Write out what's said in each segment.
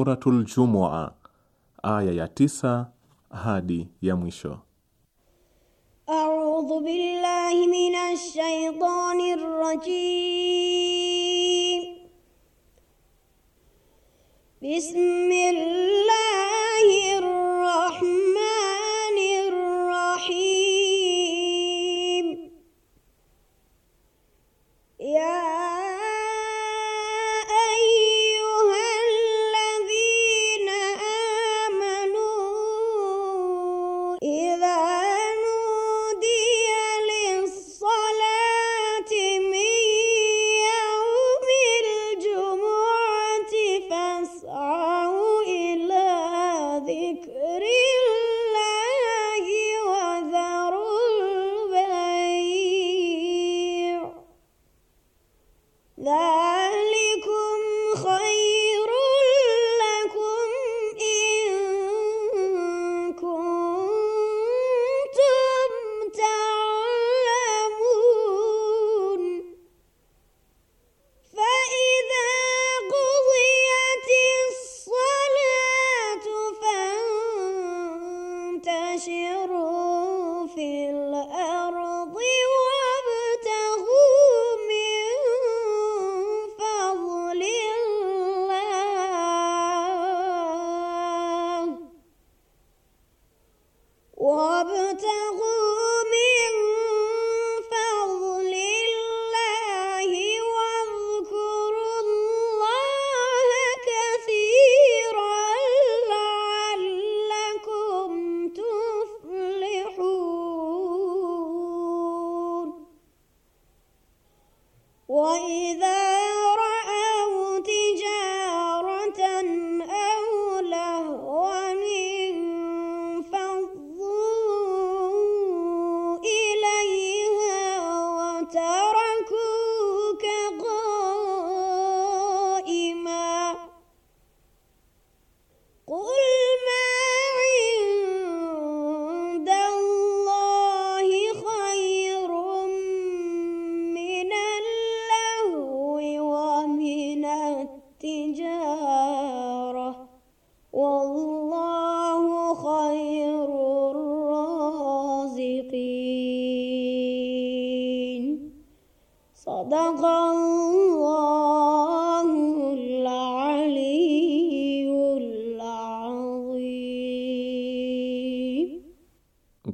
Suratul Jumua aya ya tisa hadi ya mwisho. A'udhu billahi minash rajim. Bismillah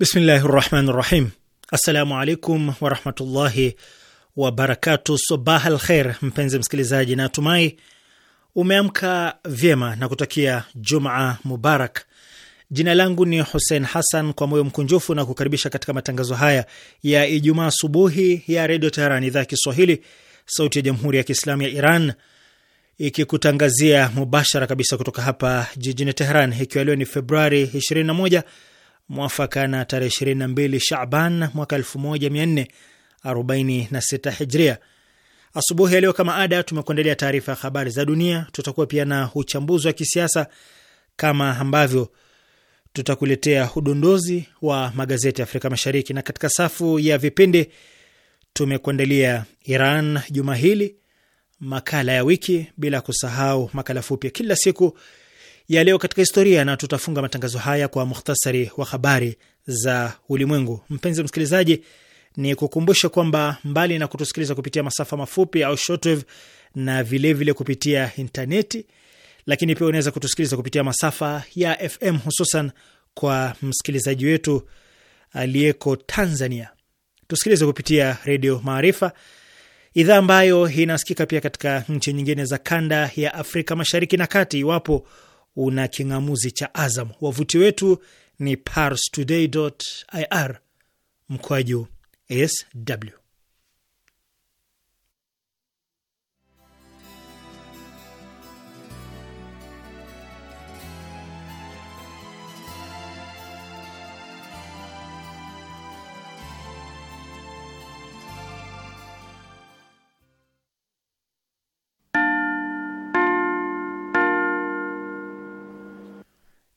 Bismillahi rahmani rahim. Assalamu alaikum warahmatullahi wabarakatu. Sabah al kher, mpenzi msikilizaji, natumai umeamka vyema na kutakia Jumaa mubarak. Jina langu ni Hussein Hassan, kwa moyo mkunjufu na kukaribisha katika matangazo haya ya Ijumaa asubuhi ya Redio Teheran, idhaa ya Kiswahili, sauti ya Jamhuri ya Kiislamu ya Iran, ikikutangazia mubashara kabisa kutoka hapa jijini Teheran, ikiwa leo ni Februari 21 mwafaka na tarehe 22 Shaban mwaka 1446 Hijria. Asubuhi ya leo kama ada, tumekuandalia taarifa ya habari za dunia. Tutakuwa pia na uchambuzi wa kisiasa kama ambavyo tutakuletea udondozi wa magazeti ya Afrika Mashariki, na katika safu ya vipindi tumekuandalia Iran juma hili, makala ya wiki, bila kusahau makala fupi ya kila siku ya leo katika historia, na tutafunga matangazo haya kwa muhtasari wa habari za ulimwengu. Mpenzi msikilizaji, ni kukumbushe kwamba mbali na kutusikiliza kupitia masafa mafupi au shortwave na vilevile vile kupitia intaneti, lakini pia unaweza kutusikiliza kupitia masafa ya FM, hususan kwa msikilizaji wetu aliyeko Tanzania, tusikilize kupitia Redio Maarifa, idhaa ambayo inasikika pia katika nchi nyingine za kanda ya Afrika Mashariki na Kati. Iwapo una king'amuzi cha Azam. Wavuti wetu ni parstoday.ir mkoaju sw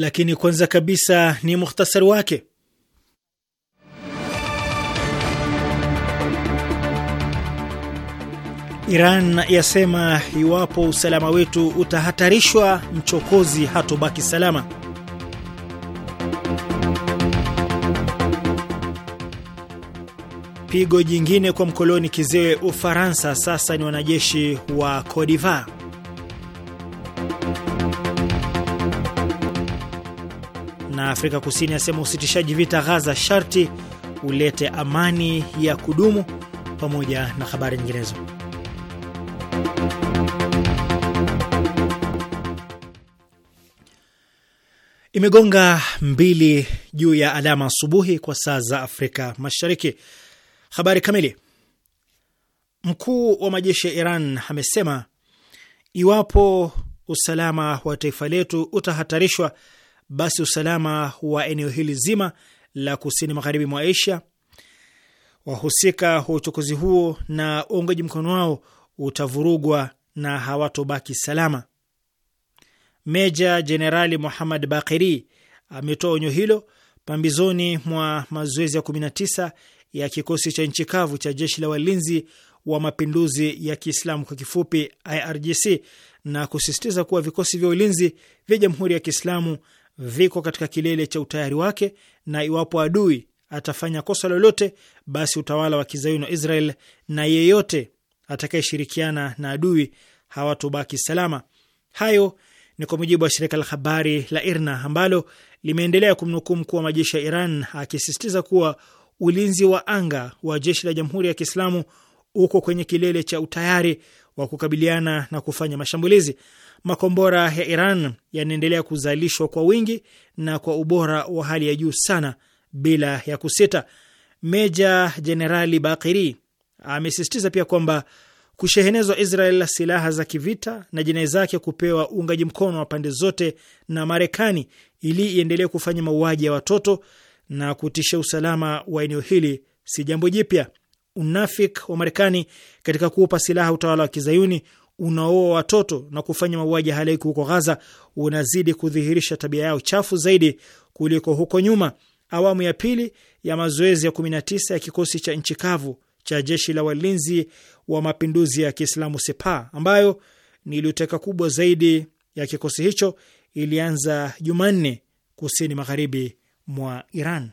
lakini kwanza kabisa ni muhtasari wake. Iran yasema iwapo usalama wetu utahatarishwa, mchokozi hatobaki salama. Pigo jingine kwa mkoloni kizee Ufaransa, sasa ni wanajeshi wa Kodiva. na Afrika Kusini asema usitishaji vita Ghaza sharti ulete amani ya kudumu, pamoja na habari nyinginezo. Imegonga mbili juu ya alama asubuhi kwa saa za Afrika Mashariki. Habari kamili. Mkuu wa majeshi ya Iran amesema iwapo usalama wa taifa letu utahatarishwa basi usalama wa eneo hili zima la kusini magharibi mwa Asia, wahusika wa uchokozi huo na uongeji mkono wao utavurugwa na hawatobaki salama. Meja Jenerali Muhammad Bakiri ametoa onyo hilo pambizoni mwa mazoezi ya 19 ya kikosi cha nchi kavu cha jeshi la walinzi wa mapinduzi ya Kiislamu kwa kifupi IRGC, na kusisitiza kuwa vikosi vya ulinzi vya Jamhuri ya Kiislamu viko katika kilele cha utayari wake, na iwapo adui atafanya kosa lolote, basi utawala wa kizayuni wa Israel na yeyote atakayeshirikiana na adui hawatobaki salama. Hayo ni kwa mujibu wa shirika la habari la IRNA ambalo limeendelea kumnukuu mkuu wa majeshi ya Iran akisisitiza kuwa ulinzi wa anga wa jeshi la Jamhuri ya Kiislamu uko kwenye kilele cha utayari wa kukabiliana na kufanya mashambulizi makombora ya Iran yanaendelea kuzalishwa kwa wingi na kwa ubora wa hali ya juu sana bila ya kusita. Meja Jenerali Bakiri amesisitiza pia kwamba kushehenezwa Israel silaha za kivita na jinai zake kupewa uungaji mkono wa pande zote na Marekani ili iendelee kufanya mauaji ya watoto na kutishia usalama wa eneo hili si jambo jipya. Unafik wa Marekani katika kuupa silaha utawala wa kizayuni unaoa watoto na kufanya mauaji halaiki huko Ghaza unazidi kudhihirisha tabia yao chafu zaidi kuliko huko nyuma. Awamu ya pili ya mazoezi ya 19 ya kikosi cha nchi kavu cha jeshi la walinzi wa mapinduzi ya Kiislamu Sepa, ambayo ni iliyoteka kubwa zaidi ya kikosi hicho, ilianza Jumanne kusini magharibi mwa Iran.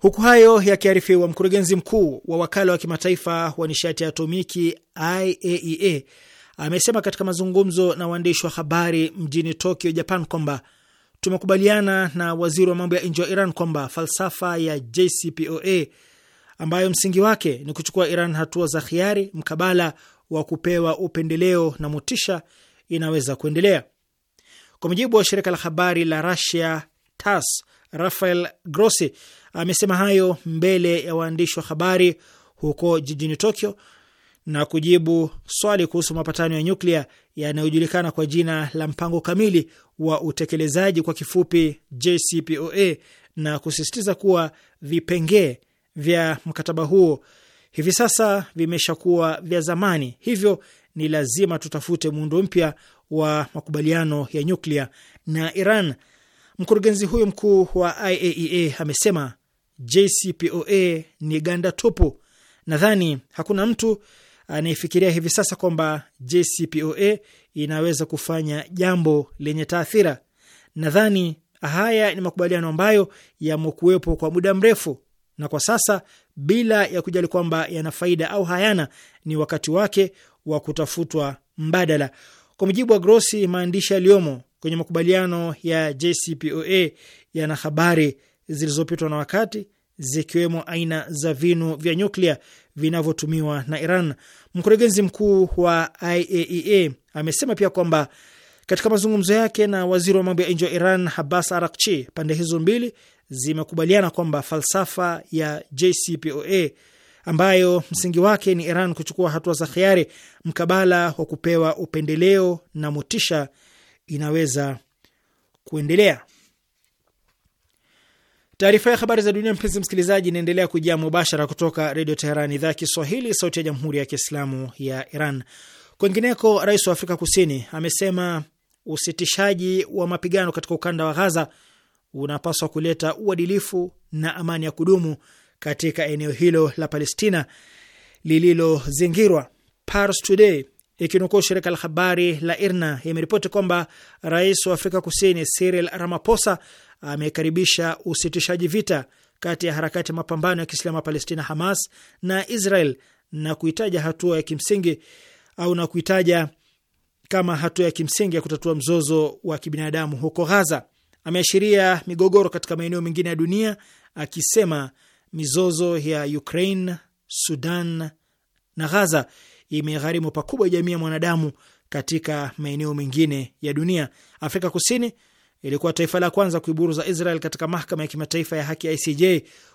Huku hayo yakiarifiwa, mkurugenzi mkuu wa wakala wa kimataifa wa nishati ya atomiki IAEA e amesema katika mazungumzo na waandishi wa habari mjini Tokyo, Japan, kwamba tumekubaliana na waziri wa mambo ya nje wa Iran kwamba falsafa ya JCPOA ambayo msingi wake ni kuchukua Iran hatua za hiari mkabala wa kupewa upendeleo na motisha inaweza kuendelea. Kwa mujibu wa shirika la habari la rusia TASS, Rafael Grossi amesema hayo mbele ya waandishi wa habari huko jijini Tokyo na kujibu swali kuhusu mapatano ya nyuklia yanayojulikana kwa jina la mpango kamili wa utekelezaji kwa kifupi JCPOA, na kusisitiza kuwa vipengee vya mkataba huo hivi sasa vimeshakuwa vya zamani, hivyo ni lazima tutafute muundo mpya wa makubaliano ya nyuklia na Iran. Mkurugenzi huyo mkuu wa IAEA e amesema JCPOA ni ganda tupu. Nadhani hakuna mtu anayefikiria hivi sasa kwamba JCPOA inaweza kufanya jambo lenye taathira. Nadhani haya ni makubaliano ambayo yamekuwepo kwa muda mrefu, na kwa sasa, bila ya kujali kwamba yana faida au hayana, ni wakati wake wa kutafutwa mbadala. Kwa mujibu wa Grossi, maandishi yaliyomo kwenye makubaliano ya JCPOA yana habari zilizopitwa na wakati zikiwemo aina za vinu vya nyuklia vinavyotumiwa na Iran. Mkurugenzi mkuu wa IAEA e amesema pia kwamba katika mazungumzo yake na waziri wa mambo ya nje wa Iran Abbas arakchi pande hizo mbili zimekubaliana kwamba falsafa ya JCPOA ambayo msingi wake ni Iran kuchukua hatua za khiari mkabala wa kupewa upendeleo na motisha inaweza kuendelea. Taarifa ya habari za dunia, mpenzi msikilizaji, inaendelea kujia mubashara kutoka Redio Teheran, idhaa ya Kiswahili, sauti ya jamhuri ya kiislamu ya Iran. Kwingineko, rais wa Afrika Kusini amesema usitishaji wa mapigano katika ukanda wa Ghaza unapaswa kuleta uadilifu na amani ya kudumu katika eneo hilo la Palestina lililozingirwa. Pars Today Ikinukuu shirika la habari la IRNA imeripoti kwamba rais wa Afrika Kusini Cyril Ramaphosa amekaribisha usitishaji vita kati ya harakati ya mapambano ya Kiislamu ya Palestina Hamas na Israel na kuitaja hatua ya kimsingi au na kuitaja kama hatua ya kimsingi ya kutatua mzozo wa kibinadamu huko Ghaza. Ameashiria migogoro katika maeneo mengine ya dunia akisema mizozo ya Ukraine, Sudan na Ghaza imegharimu pakubwa jamii ya mwanadamu katika maeneo mengine ya dunia. Afrika Kusini ilikuwa taifa la kwanza kuiburuza Israel katika mahakama ya kimataifa ya haki ICJ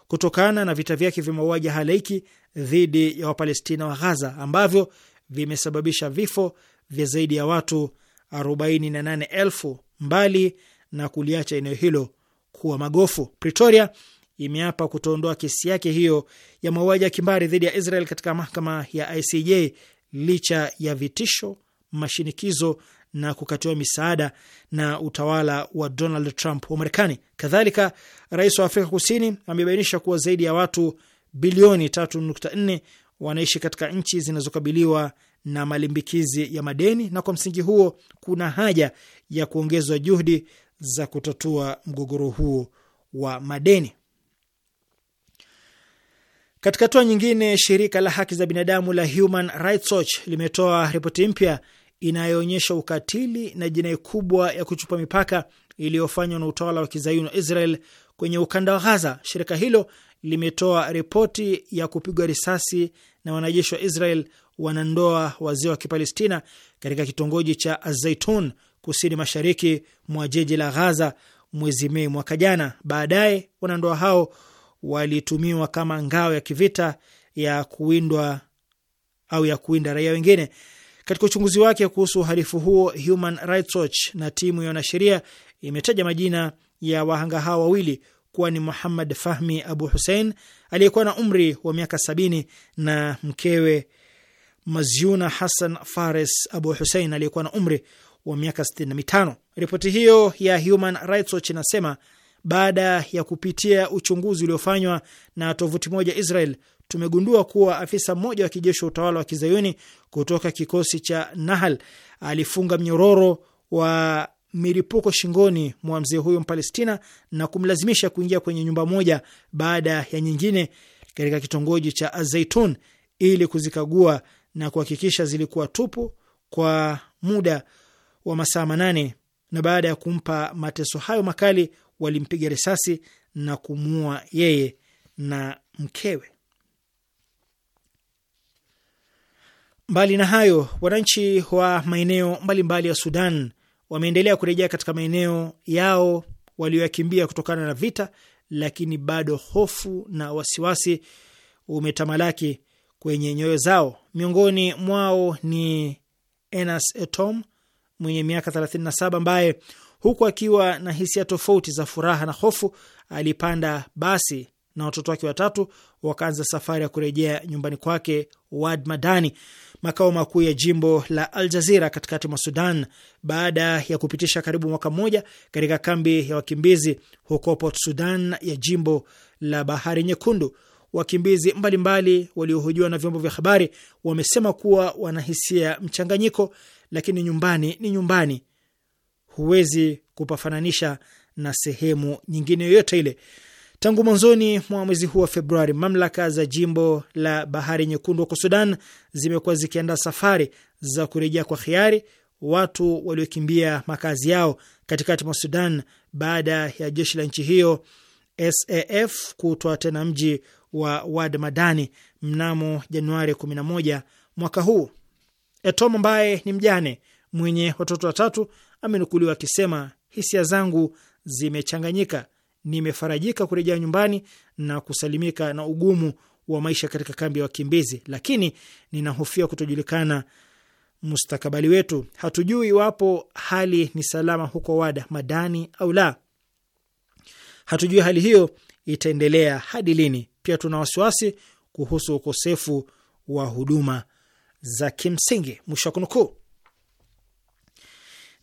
kutokana na vita vyake vya mauaji halaiki dhidi ya Wapalestina wa Ghaza ambavyo vimesababisha vifo vya zaidi ya watu 48,000 mbali na kuliacha eneo hilo kuwa magofu. Pretoria imeapa kutoondoa kesi yake hiyo ya mauaji ya kimbari dhidi ya Israel katika mahakama ya ICJ licha ya vitisho, mashinikizo na kukatiwa misaada na utawala wa Donald Trump wa Marekani. Kadhalika, rais wa Afrika Kusini amebainisha kuwa zaidi ya watu bilioni 3.4 wanaishi katika nchi zinazokabiliwa na malimbikizi ya madeni, na kwa msingi huo kuna haja ya kuongezwa juhudi za kutatua mgogoro huo wa madeni. Katika hatua nyingine, shirika la haki za binadamu la Human Rights Watch limetoa ripoti mpya inayoonyesha ukatili na jinai kubwa ya kuchupa mipaka iliyofanywa na utawala wa kizayuni wa Israel kwenye ukanda wa Ghaza. Shirika hilo limetoa ripoti ya kupigwa risasi na wanajeshi wa Israel wanandoa wazee wa Kipalestina katika kitongoji cha Azaitun kusini mashariki mwa jiji la Ghaza mwezi Mei mwaka jana. Baadaye wanandoa hao walitumiwa kama ngao ya kivita ya kuwindwa au ya kuwinda raia wengine. Katika uchunguzi wake kuhusu uhalifu huo, Human Rights Watch na timu ya wanasheria imetaja majina ya wahanga hao wawili kuwa ni Muhammad Fahmi Abu Hussein aliyekuwa na umri wa miaka sabini na mkewe Maziuna Hassan Fares Abu Hussein aliyekuwa na umri wa miaka sitini na mitano. Ripoti hiyo ya Human Rights Watch inasema baada ya kupitia uchunguzi uliofanywa na tovuti moja Israel, tumegundua kuwa afisa mmoja wa kijeshi wa utawala wa kizayuni kutoka kikosi cha Nahal alifunga mnyororo wa miripuko shingoni mwa mzee huyo Mpalestina na kumlazimisha kuingia kwenye nyumba moja baada ya nyingine katika kitongoji cha Azaitun ili kuzikagua na kuhakikisha zilikuwa tupu kwa muda wa masaa manane na baada ya kumpa mateso hayo makali walimpiga risasi na kumuua yeye na mkewe. Mbali na hayo, wananchi wa maeneo mbalimbali ya Sudan wameendelea kurejea katika maeneo yao walioyakimbia kutokana na vita, lakini bado hofu na wasiwasi umetamalaki kwenye nyoyo zao. Miongoni mwao ni Enas Etom mwenye miaka 37 ambaye huku akiwa na hisia tofauti za furaha na hofu, alipanda basi na watoto wake watatu wakaanza safari ya kurejea nyumbani kwake Wad Madani, makao makuu ya jimbo la Al Jazira katikati mwa Sudan, baada ya kupitisha karibu mwaka mmoja katika kambi ya wakimbizi huko Port Sudan ya jimbo la Bahari Nyekundu. Wakimbizi mbalimbali waliohojiwa na vyombo vya habari wamesema kuwa wanahisia mchanganyiko, lakini nyumbani ni nyumbani huwezi kupafananisha na sehemu nyingine yoyote ile. Tangu mwanzoni mwa mwezi huu wa Februari, mamlaka za jimbo la Bahari Nyekundu huko Sudan zimekuwa zikiandaa safari za kurejea kwa hiari watu waliokimbia makazi yao katikati mwa Sudan baada ya jeshi la nchi hiyo SAF kutwa tena mji wa Wad Madani mnamo Januari 11 mwaka huu. Etom ambaye ni mjane mwenye watoto watatu amenukuliwa akisema, hisia zangu zimechanganyika, nimefarajika kurejea nyumbani na kusalimika na ugumu wa maisha katika kambi ya wakimbizi, lakini ninahofia kutojulikana mustakabali wetu. Hatujui iwapo hali ni salama huko Wada Madani au la. Hatujui hali hiyo itaendelea hadi lini. Pia tuna wasiwasi kuhusu ukosefu wa huduma za kimsingi. Mwisho wa kunukuu.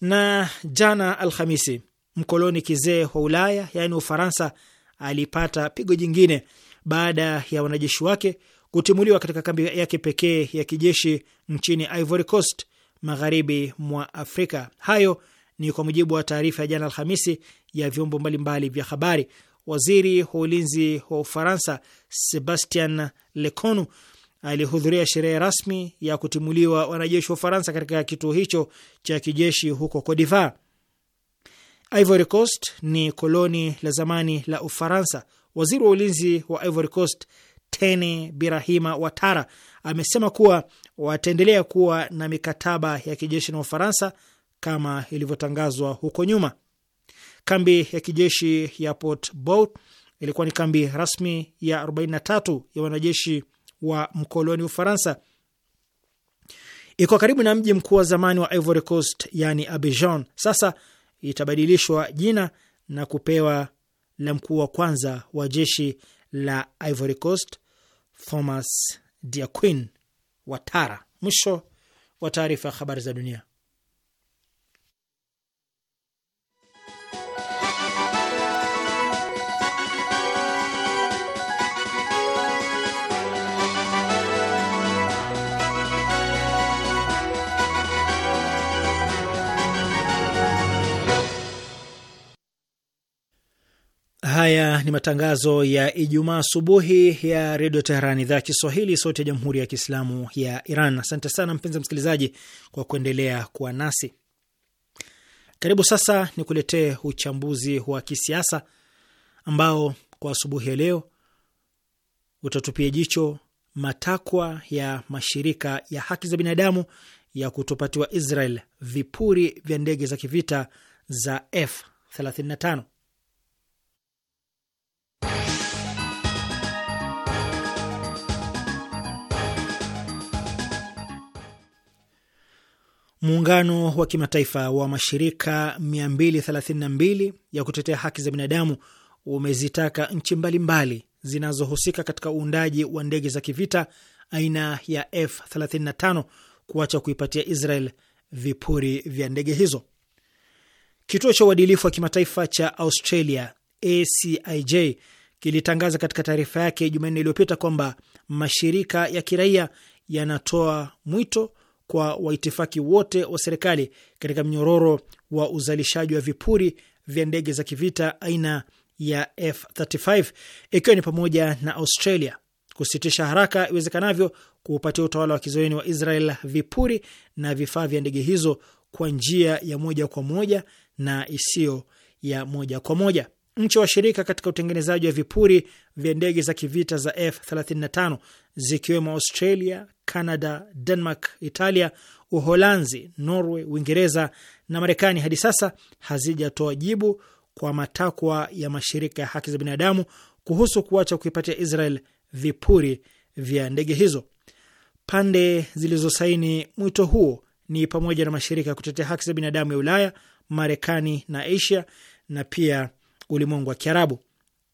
Na jana Alhamisi, mkoloni kizee wa Ulaya yaani Ufaransa alipata pigo jingine baada ya wanajeshi wake kutimuliwa katika kambi yake pekee ya kijeshi nchini Ivory Coast, magharibi mwa Afrika. Hayo ni kwa mujibu wa taarifa ya jana Alhamisi ya vyombo mbalimbali vya habari. Waziri wa ulinzi wa Ufaransa Sebastian Leconu alihudhuria sherehe rasmi ya kutimuliwa wanajeshi wa Ufaransa katika kituo hicho cha kijeshi huko Kodiva. Ivory Coast ni koloni la zamani la Ufaransa. Waziri wa ulinzi wa Ivory Coast Tene Birahima Watara amesema kuwa wataendelea kuwa na mikataba ya kijeshi na Ufaransa kama ilivyotangazwa huko nyuma. Kambi ya kijeshi ya Port Bout ilikuwa ni kambi rasmi ya 43 ya wanajeshi wa mkoloni Ufaransa. Iko karibu na mji mkuu wa zamani wa Ivory Coast, yani Abidjan. Sasa itabadilishwa jina na kupewa la mkuu wa kwanza wa jeshi la Ivory Coast, Thomas Diaquin Watara. Mwisho wa taarifa ya habari za dunia. Haya ni matangazo ya Ijumaa asubuhi ya redio Teheran, idhaa ya Kiswahili, sauti ya jamhuri ya kiislamu ya Iran. Asante sana mpenzi msikilizaji kwa kuendelea kuwa nasi. Karibu sasa ni kuletee uchambuzi wa kisiasa ambao kwa asubuhi ya leo utatupia jicho matakwa ya mashirika ya haki za binadamu ya kutopatiwa Israel vipuri vya ndege za kivita za F35. Muungano wa kimataifa wa mashirika 232 ya kutetea haki za binadamu umezitaka nchi mbalimbali zinazohusika katika uundaji wa ndege za kivita aina ya F35 kuacha kuipatia Israel vipuri vya ndege hizo. Kituo cha uadilifu wa kimataifa cha Australia ACIJ kilitangaza katika taarifa yake Jumanne iliyopita kwamba mashirika ya kiraia yanatoa mwito kwa waitifaki wote wa serikali katika mnyororo wa uzalishaji wa vipuri vya ndege za kivita aina ya F35 ikiwa ni pamoja na Australia kusitisha haraka iwezekanavyo kuupatia utawala wa kizoeni wa Israel vipuri na vifaa vya ndege hizo kwa njia ya moja kwa moja na isiyo ya moja kwa moja. Nchi washirika katika utengenezaji wa vipuri vya ndege za kivita za F35 zikiwemo Australia, Canada, Denmark, Italia, Uholanzi, Norway, Uingereza na Marekani hadi sasa hazijatoa jibu kwa matakwa ya mashirika ya haki za binadamu kuhusu kuacha kuipatia Israel vipuri vya ndege hizo. Pande zilizosaini mwito huo ni pamoja na mashirika ya kutetea haki za binadamu ya Ulaya, Marekani na Asia na pia ulimwengu wa Kiarabu.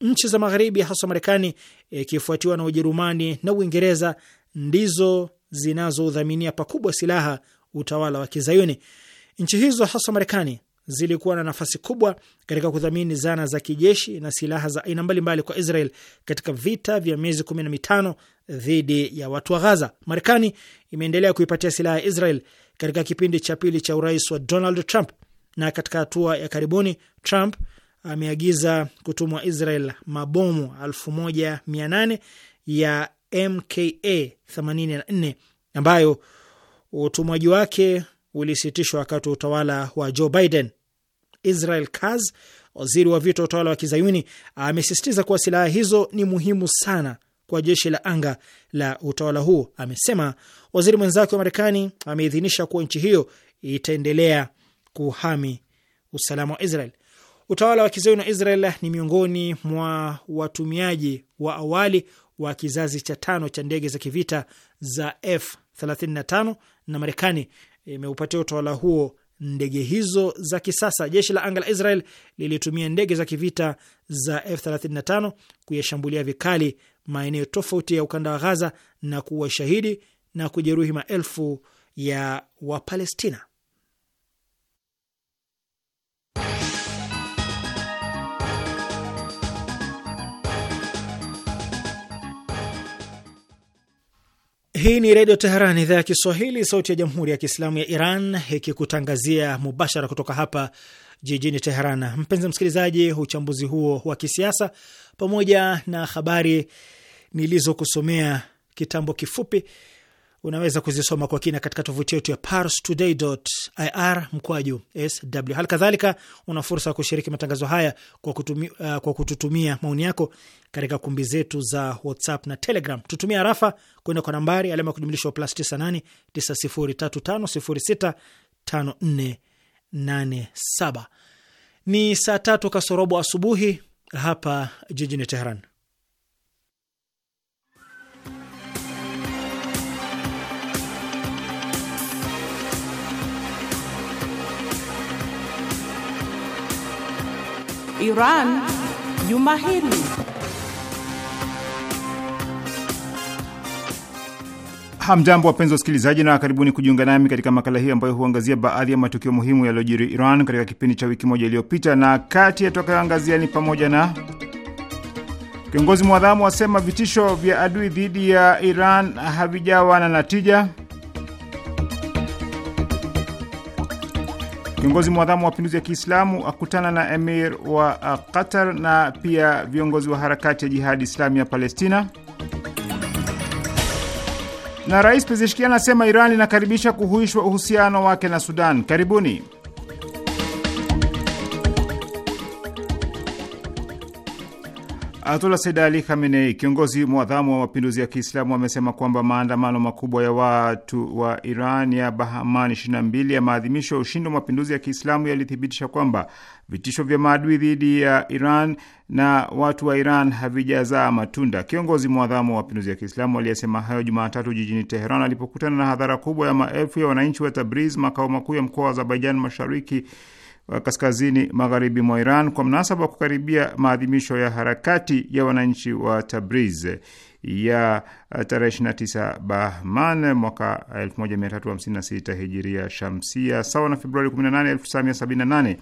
Nchi za Magharibi, haswa Marekani ikifuatiwa na Ujerumani na Uingereza, ndizo zinazoudhaminia pakubwa silaha utawala wa Kizayuni. Nchi hizo hasa Marekani zilikuwa na nafasi kubwa katika kudhamini zana za kijeshi na silaha za aina mbalimbali kwa Israel katika vita vya miezi kumi na mitano dhidi ya watu wa Ghaza. Marekani imeendelea kuipatia silaha ya Israel katika kipindi cha pili cha urais wa Donald Trump, na katika hatua ya karibuni Trump ameagiza kutumwa Israel mabomu 1800 ya MKA 84 ambayo utumwaji wake ulisitishwa wakati wa utawala wa Joe Biden. Israel Katz, waziri wa vita wa utawala wa Kizayuni, amesisitiza kuwa silaha hizo ni muhimu sana kwa jeshi la anga la utawala huo. Amesema waziri mwenzake wa Marekani ameidhinisha kuwa nchi hiyo itaendelea kuhami usalama wa Israel. Utawala wa Kizayuni wa Israel ni miongoni mwa watumiaji wa awali wa kizazi cha tano cha ndege za kivita za F35 na Marekani imeupatia utawala huo ndege hizo za kisasa. Jeshi la anga la Israel lilitumia ndege za kivita za F35 kuyashambulia vikali maeneo tofauti ya ukanda wa Ghaza na kuwashahidi na kujeruhi maelfu ya Wapalestina. Hii ni Redio Teheran, idhaa ya Kiswahili, sauti ya Jamhuri ya Kiislamu ya Iran, ikikutangazia mubashara kutoka hapa jijini Teheran. Mpenzi msikilizaji, uchambuzi huo wa kisiasa pamoja na habari nilizokusomea kitambo kifupi unaweza kuzisoma kwa kina katika tovuti yetu ya parstoday.ir mkwaju sw. Hali kadhalika una fursa ya kushiriki matangazo haya kwa, kutumi, uh, kwa kututumia maoni yako katika kumbi zetu za WhatsApp na Telegram. Tutumia arafa kwenda kwa nambari alama ya kujumlishwa plus 98 Ni saa tatu kasorobo asubuhi hapa jijini Teheran. Iran juma hili. Hamjambo, wapenzi usikilizaji na karibuni kujiunga nami katika makala hii ambayo huangazia baadhi ya matukio muhimu yaliyojiri Iran katika kipindi cha wiki moja iliyopita, na kati yatakayoangazia ni pamoja na kiongozi mwadhamu asema vitisho vya adui dhidi ya Iran havijawa na natija Kiongozi mwadhamu wa mapinduzi ya Kiislamu akutana na emir wa uh, Qatar na pia viongozi wa harakati ya Jihadi Islami ya Palestina. Na Rais Pezeshkian anasema Iran inakaribisha kuhuishwa uhusiano wake na Sudan. Karibuni. Ayatullah Said Ali Khamenei, kiongozi mwadhamu wa mapinduzi ya Kiislamu, amesema kwamba maandamano makubwa ya watu wa Iran ya Bahman 22 ya maadhimisho ya ushindi wa mapinduzi ya Kiislamu yalithibitisha kwamba vitisho vya maadui dhidi ya Iran na watu wa Iran havijazaa matunda. Kiongozi mwadhamu wa mapinduzi ya Kiislamu aliyesema hayo Jumatatu jijini Teheran alipokutana na hadhara kubwa ya maelfu ya wananchi wa Tabriz, makao makuu ya mkoa wa Azerbaijan Mashariki kaskazini magharibi mwa Iran kwa mnasaba wa kukaribia maadhimisho ya harakati ya wananchi wa Tabriz ya tarehe 29 Bahman mwaka 1356 hijiria shamsia sawa na Februari 18, 1978.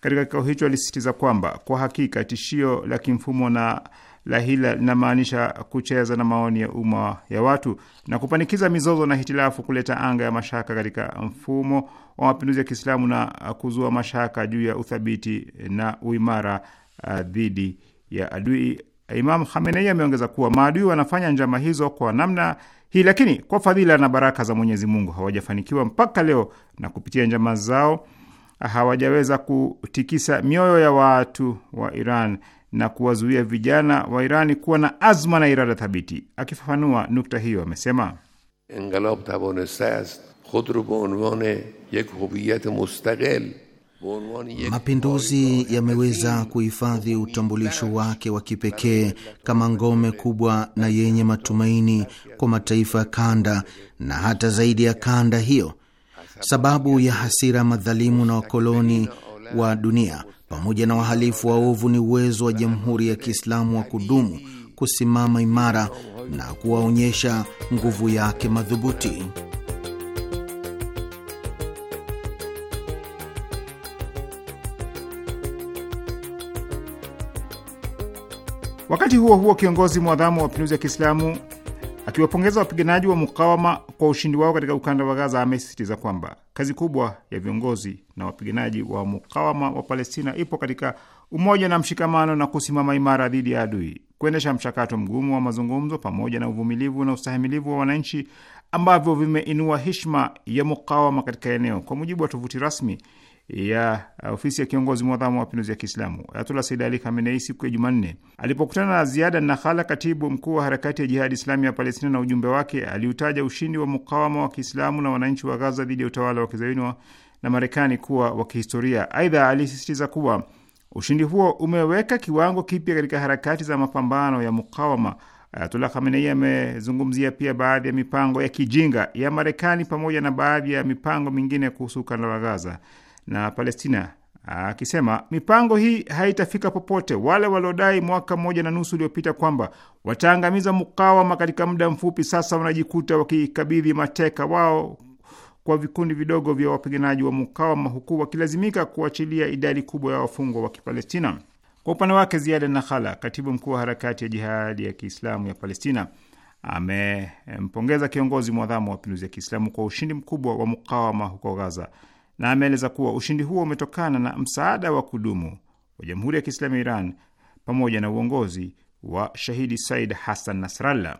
Katika kikao hicho alisisitiza kwamba kwa hakika tishio la kimfumo na la hila linamaanisha kucheza na maoni ya umma ya watu na kupanikiza mizozo na hitilafu, kuleta anga ya mashaka katika mfumo wa mapinduzi ya Kiislamu na kuzua mashaka juu ya uthabiti na uimara uh, dhidi ya adui. Imam Khamenei ameongeza kuwa maadui wanafanya njama hizo kwa namna hii, lakini kwa fadhila na baraka za Mwenyezi Mungu hawajafanikiwa mpaka leo, na kupitia njama zao hawajaweza kutikisa mioyo ya watu wa Iran na kuwazuia vijana wa Irani kuwa na azma na irada thabiti. Akifafanua nukta hiyo, amesema Mapinduzi yameweza kuhifadhi utambulisho wake wa kipekee kama ngome kubwa na yenye matumaini kwa mataifa ya kanda na hata zaidi ya kanda hiyo. Sababu ya hasira madhalimu na wakoloni wa dunia pamoja na wahalifu waovu ni uwezo wa Jamhuri ya Kiislamu wa kudumu kusimama imara na kuwaonyesha nguvu yake madhubuti. Wakati huo huo, kiongozi mwadhamu wa mapinduzi ya Kiislamu Akiwapongeza wapiganaji wa mukawama kwa ushindi wao katika ukanda wa Gaza, amesisitiza kwamba kazi kubwa ya viongozi na wapiganaji wa mukawama wa Palestina ipo katika umoja na mshikamano na kusimama imara dhidi ya adui, kuendesha mchakato mgumu wa mazungumzo pamoja na uvumilivu na ustahimilivu wa wananchi ambavyo vimeinua heshima ya mukawama katika eneo. Kwa mujibu wa tovuti rasmi ya uh, ofisi ya kiongozi mwadhamu wa mapinduzi ya Kiislamu Ayatullah Said Ali Khamenei siku ya Jumanne alipokutana na Ziada Nakhala, katibu mkuu wa harakati ya Jihadi Islami ya Palestina, na ujumbe wake, aliutaja ushindi wa mukawama wa Kiislamu na wananchi wa Gaza dhidi ya utawala wa kizayuni na Marekani kuwa wa kihistoria. Aidha, alisisitiza kuwa ushindi huo umeweka kiwango kipya katika harakati za mapambano ya mukawama. Ayatullah Khamenei amezungumzia pia baadhi ya mipango ya kijinga ya Marekani pamoja na baadhi ya mipango mingine kuhusu ukanda wa Gaza na Palestina akisema mipango hii haitafika popote. Wale waliodai mwaka mmoja na nusu uliopita kwamba wataangamiza mukawama katika muda mfupi, sasa wanajikuta wakikabidhi mateka wao kwa vikundi vidogo vya wapiganaji wa mukawama, huku wakilazimika kuachilia idadi kubwa ya wafungwa wa Kipalestina. Kwa upande wake, Ziada Nakhala, katibu mkuu wa harakati ya Jihadi ya Kiislamu ya Palestina, amempongeza kiongozi mwadhamu wa mapinduzi ya Kiislamu kwa ushindi mkubwa wa mukawama huko Gaza na ameeleza kuwa ushindi huo umetokana na msaada wa kudumu wa Jamhuri ya Kiislamu ya Iran pamoja na uongozi wa shahidi Said Hassan Nasrallah.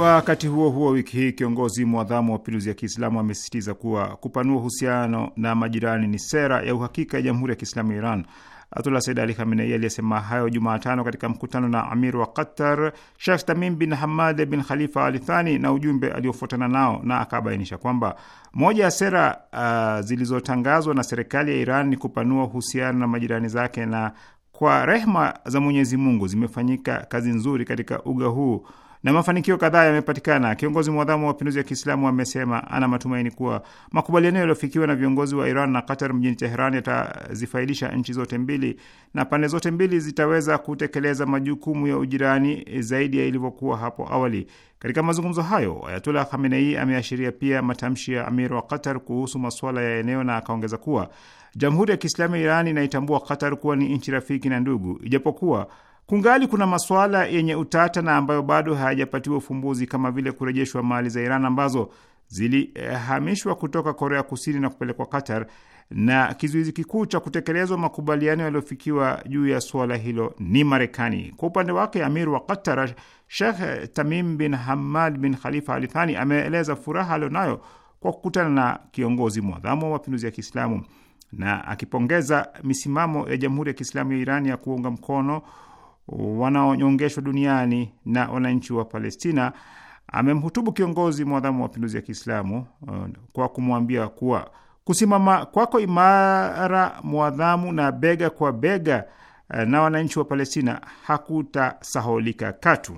Wakati huo huo, wiki hii kiongozi mwadhamu wa mapinduzi ya Kiislamu amesisitiza kuwa kupanua uhusiano na majirani ni sera ya uhakika ya Jamhuri ya Kiislamu ya Iran. Ayatullah Sayyid Ali Khamenei aliyesema hayo Jumatano katika mkutano na amir wa Qatar Sheikh Tamim bin Hamad bin Khalifa Al Thani na ujumbe aliofuatana nao, na akabainisha kwamba moja ya sera uh, zilizotangazwa na serikali ya Iran ni kupanua uhusiano na majirani zake, na kwa rehma za Mwenyezi Mungu zimefanyika kazi nzuri katika uga huu na mafanikio kadhaa yamepatikana. Kiongozi mwadhamu wa mapinduzi ya Kiislamu amesema ana matumaini kuwa makubaliano yaliyofikiwa na viongozi wa Iran na Qatar mjini Teheran yatazifaidisha nchi zote mbili na pande zote mbili zitaweza kutekeleza majukumu ya ujirani zaidi ya ilivyokuwa hapo awali. Katika mazungumzo hayo, Ayatullah Khamenei ameashiria pia matamshi ya amir wa Qatar kuhusu masuala ya eneo na akaongeza kuwa Jamhuri ya Kiislamu ya Iran inaitambua Qatar kuwa ni nchi rafiki na ndugu, ijapokuwa Kungali kuna masuala yenye utata na ambayo bado hayajapatiwa ufumbuzi kama vile kurejeshwa mali za Iran ambazo zilihamishwa kutoka Korea Kusini na kupelekwa Qatar, na kizuizi kikuu cha kutekelezwa makubaliano yaliyofikiwa juu ya suala hilo ni Marekani. Kwa upande wake, amir wa Qatar Sheikh Tamim bin Hamad bin Khalifa Al Thani ameeleza furaha aliyonayo kwa kukutana na kiongozi mwadhamu wa mapinduzi ya Kiislamu na akipongeza misimamo ya Jamhuri ya Kiislamu ya Iran ya kuunga mkono wanaonyongeshwa duniani na wananchi wa Palestina, amemhutubu kiongozi mwadhamu wa mapinduzi ya Kiislamu uh, kwa kumwambia kuwa kusimama kwako imara mwadhamu na bega kwa bega uh, na wananchi wa Palestina hakutasahaulika katu.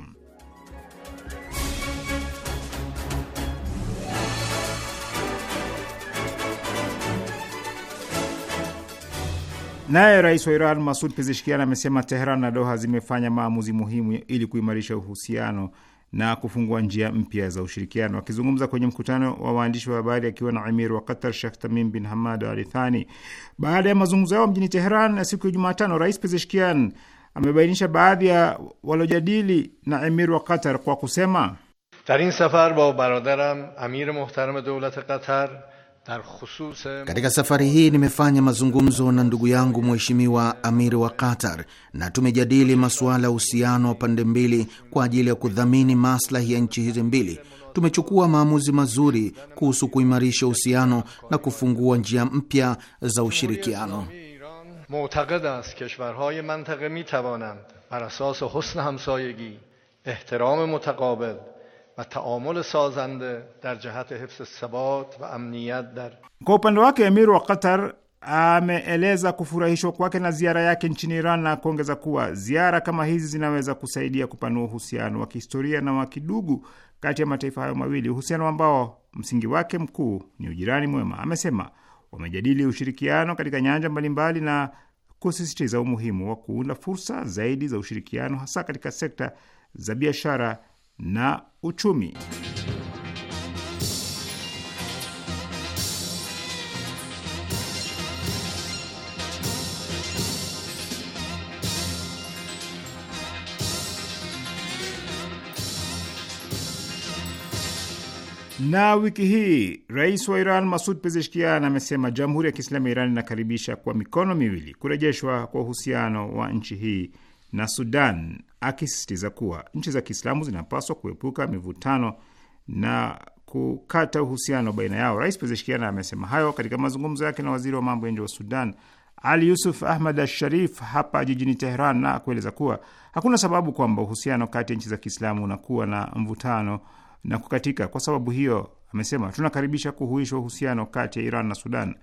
Naye rais wa Iran Masud Pezeshkian amesema Teheran na Doha zimefanya maamuzi muhimu ili kuimarisha uhusiano na kufungua njia mpya za ushirikiano. Akizungumza kwenye mkutano wa waandishi wa habari akiwa na Amir wa Qatar shekh Tamim bin Hamad Al Thani baada ya mazungumzo yao mjini Teheran na siku ya Jumatano, Rais Pezeshkian amebainisha baadhi ya waliojadili na Emir wa Qatar kwa kusema: dar in safar ba baradaram amir muhtaram daulat qatar katika safari hii nimefanya mazungumzo na ndugu yangu mheshimiwa amiri wa Qatar na tumejadili masuala ya uhusiano wa pande mbili kwa ajili ya kudhamini maslahi ya nchi hizi mbili. Tumechukua maamuzi mazuri kuhusu kuimarisha uhusiano na kufungua njia mpya za ushirikiano. mutaqid ast keshvarhay mantaqe mitavanand bar asas husn hamsayagi ehtiram mutaqabil تعامل سازنده در جهت حفظ ثبات و امنیت در Kwa upande wake Emir wa Qatar ameeleza kufurahishwa kwake na ziara yake nchini Iran na kuongeza kuwa ziara kama hizi zinaweza kusaidia kupanua uhusiano wa kihistoria na wa kidugu kati ya mataifa hayo mawili, uhusiano ambao msingi wake mkuu ni ujirani mwema. Amesema wamejadili ushirikiano katika nyanja mbalimbali na kusisitiza umuhimu wa kuunda fursa zaidi za ushirikiano, hasa katika sekta za biashara na uchumi. Na wiki hii rais wa Iran Masud Pezeshkian amesema jamhuri ya Kiislamu ya Iran inakaribisha kwa mikono miwili kurejeshwa kwa uhusiano wa nchi hii na Sudan, akisisitiza kuwa nchi za Kiislamu zinapaswa kuepuka mivutano na kukata uhusiano baina yao. Rais Pezeshkian amesema hayo katika mazungumzo yake na waziri wa mambo ya nje wa Sudan Ali Yusuf Ahmad Asharif sharif hapa jijini Teheran na kueleza kuwa hakuna sababu kwamba uhusiano kati ya nchi za Kiislamu unakuwa na mvutano na kukatika. Kwa sababu hiyo, amesema tunakaribisha kuhuishwa uhusiano kati ya Iran na Sudan.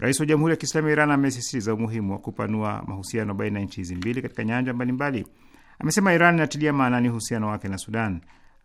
Rais wa Jamhuri ya Kiislamu ya Iran amesisitiza umuhimu wa kupanua mahusiano baina ya nchi hizi mbili katika nyanja mbalimbali. Amesema Iran inatilia maanani uhusiano wake na Sudan,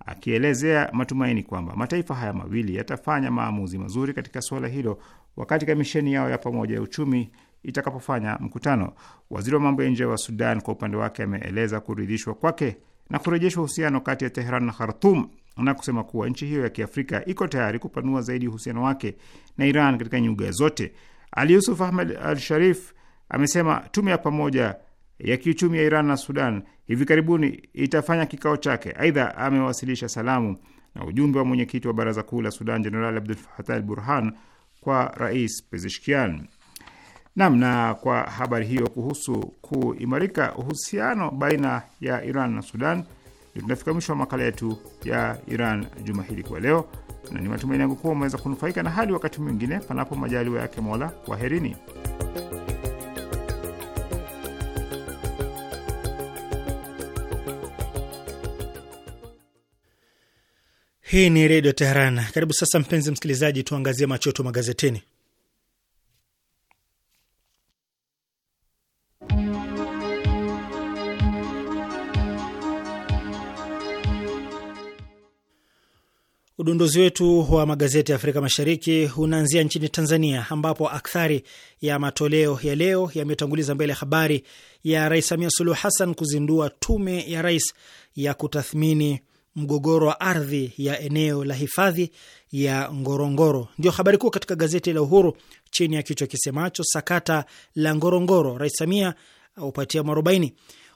akielezea matumaini kwamba mataifa haya mawili yatafanya maamuzi mazuri katika suala hilo wakati kamisheni yao ya pamoja ya uchumi itakapofanya mkutano. Waziri wa mambo ya nje wa Sudan kwa upande wake ameeleza kuridhishwa kwake na kurejeshwa uhusiano kati ya Tehran na Khartum na kusema kuwa nchi hiyo ya Kiafrika iko tayari kupanua zaidi uhusiano wake na Iran katika nyuga zote. Ali Yusuf Ahmed Al Sharif amesema tume ya pamoja ya kiuchumi ya Iran na Sudan hivi karibuni itafanya kikao chake. Aidha, amewasilisha salamu na ujumbe wa mwenyekiti wa baraza kuu la Sudan Jenerali Abdul Fatah Al Burhan kwa Rais Pezeshkian. Nam, na kwa habari hiyo kuhusu kuimarika uhusiano baina ya Iran na Sudan, tunafika mwisho wa makala yetu ya Iran juma hili kwa leo na ni matumaini yangu kuwa umeweza kunufaika. Na hadi wakati mwingine, panapo majaliwa yake Mola, kwaherini. Hii ni Redio Teheran. Karibu sasa, mpenzi msikilizaji, tuangazie machoto magazetini. Udondozi wetu wa magazeti ya Afrika Mashariki unaanzia nchini Tanzania, ambapo akthari ya matoleo ya leo yametanguliza mbele habari ya Rais Samia Suluhu Hassan kuzindua tume ya rais ya kutathmini mgogoro wa ardhi ya eneo la hifadhi ya Ngorongoro. Ndio habari kuu katika gazeti la Uhuru chini ya kichwa kisemacho sakata la Ngorongoro, Rais Samia aupatia mwarobaini.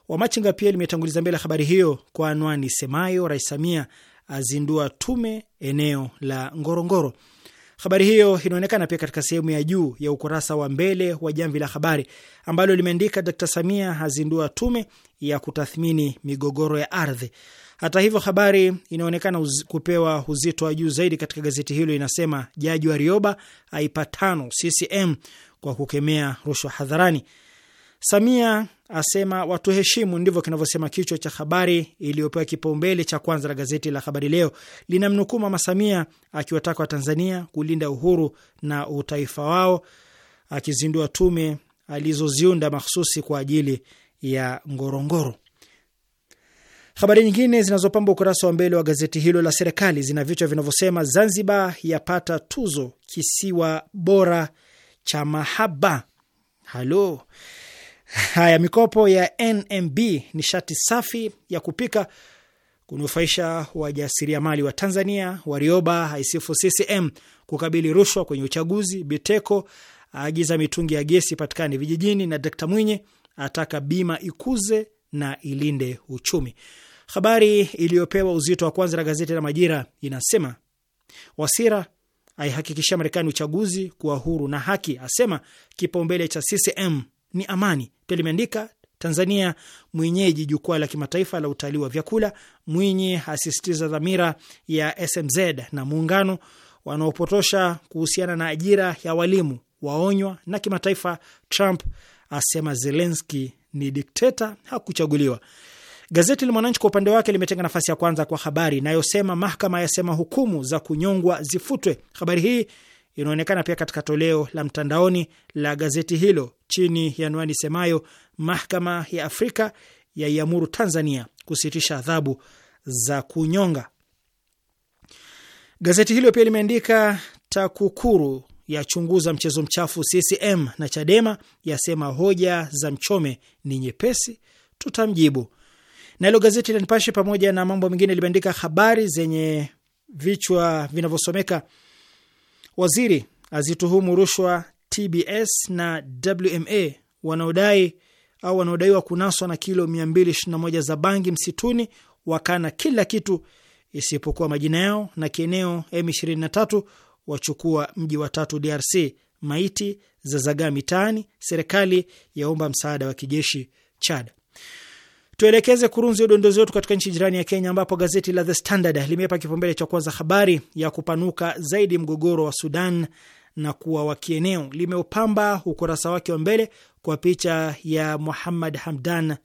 Wamachinga pia limetanguliza mbele habari hiyo kwa anwani semayo Rais Samia azindua tume eneo la Ngorongoro. Habari hiyo inaonekana pia katika sehemu ya juu ya ukurasa wa mbele wa Jamvi la Habari ambalo limeandika Dkt Samia azindua tume ya kutathmini migogoro ya ardhi. Hata hivyo, habari inaonekana uz kupewa uzito wa juu zaidi katika gazeti hilo. Inasema Jaji Warioba aipa tano CCM kwa kukemea rushwa hadharani. Samia asema watuheshimu, ndivyo kinavyosema kichwa cha habari iliyopewa kipaumbele cha kwanza la gazeti la Habari Leo. Linamnukuu Mama Samia akiwataka Watanzania kulinda uhuru na utaifa wao, akizindua tume alizoziunda mahsusi kwa ajili ya Ngorongoro. Habari nyingine zinazopamba ukurasa wa mbele wa gazeti hilo la serikali zina vichwa vinavyosema: Zanzibar yapata tuzo kisiwa bora cha mahaba, halo Haya, mikopo ya NMB nishati safi ya kupika kunufaisha wajasiriamali wa Tanzania. Warioba aisifu CCM kukabili rushwa kwenye uchaguzi. Biteko aagiza mitungi ya gesi patikane vijijini, na Dkt Mwinyi ataka bima ikuze na ilinde uchumi. Habari iliyopewa uzito wa kwanza na gazeti la Majira inasema Wasira aihakikishia Marekani uchaguzi kuwa huru na haki, asema kipaumbele cha CCM ni amani. Pia limeandika Tanzania mwenyeji jukwaa la kimataifa la utalii wa vyakula, Mwinyi asisitiza dhamira ya SMZ na muungano, wanaopotosha kuhusiana na ajira ya walimu waonywa, na kimataifa, Trump asema Zelenski ni dikteta, hakuchaguliwa. Gazeti la Mwananchi kwa upande wake limetenga nafasi ya kwanza kwa habari inayosema mahakama yasema hukumu za kunyongwa zifutwe. Habari hii inaonekana pia katika toleo la mtandaoni la gazeti hilo chini ya anwani semayo mahakama ya Afrika yaiamuru Tanzania kusitisha adhabu za kunyonga. Gazeti hilo pia limeandika TAKUKURU yachunguza mchezo mchafu CCM na Chadema yasema hoja za Mchome ni nyepesi, tutamjibu. Nalo gazeti la Nipashe pamoja na mambo mengine limeandika habari zenye vichwa vinavyosomeka Waziri azituhumu rushwa TBS na WMA wanaodai au wanaodaiwa kunaswa na kilo 221 za bangi msituni wakana kila kitu isipokuwa majina yao. Na kieneo M23 wachukua mji wa tatu DRC, maiti za zagaa mitaani, serikali yaomba msaada wa kijeshi Chad. Tuelekeze kurunzi ya udondozi wetu katika nchi jirani ya Kenya, ambapo gazeti la The Standard limeipa kipaumbele cha kwanza habari ya kupanuka zaidi mgogoro wa Sudan na kuwa wa kieneo. Limeupamba ukurasa wake wa mbele kwa picha ya Muhammad Hamdan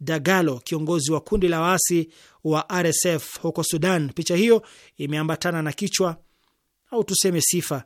Dagalo, kiongozi wa kundi la waasi wa RSF huko Sudan. Picha hiyo imeambatana na kichwa au tuseme sifa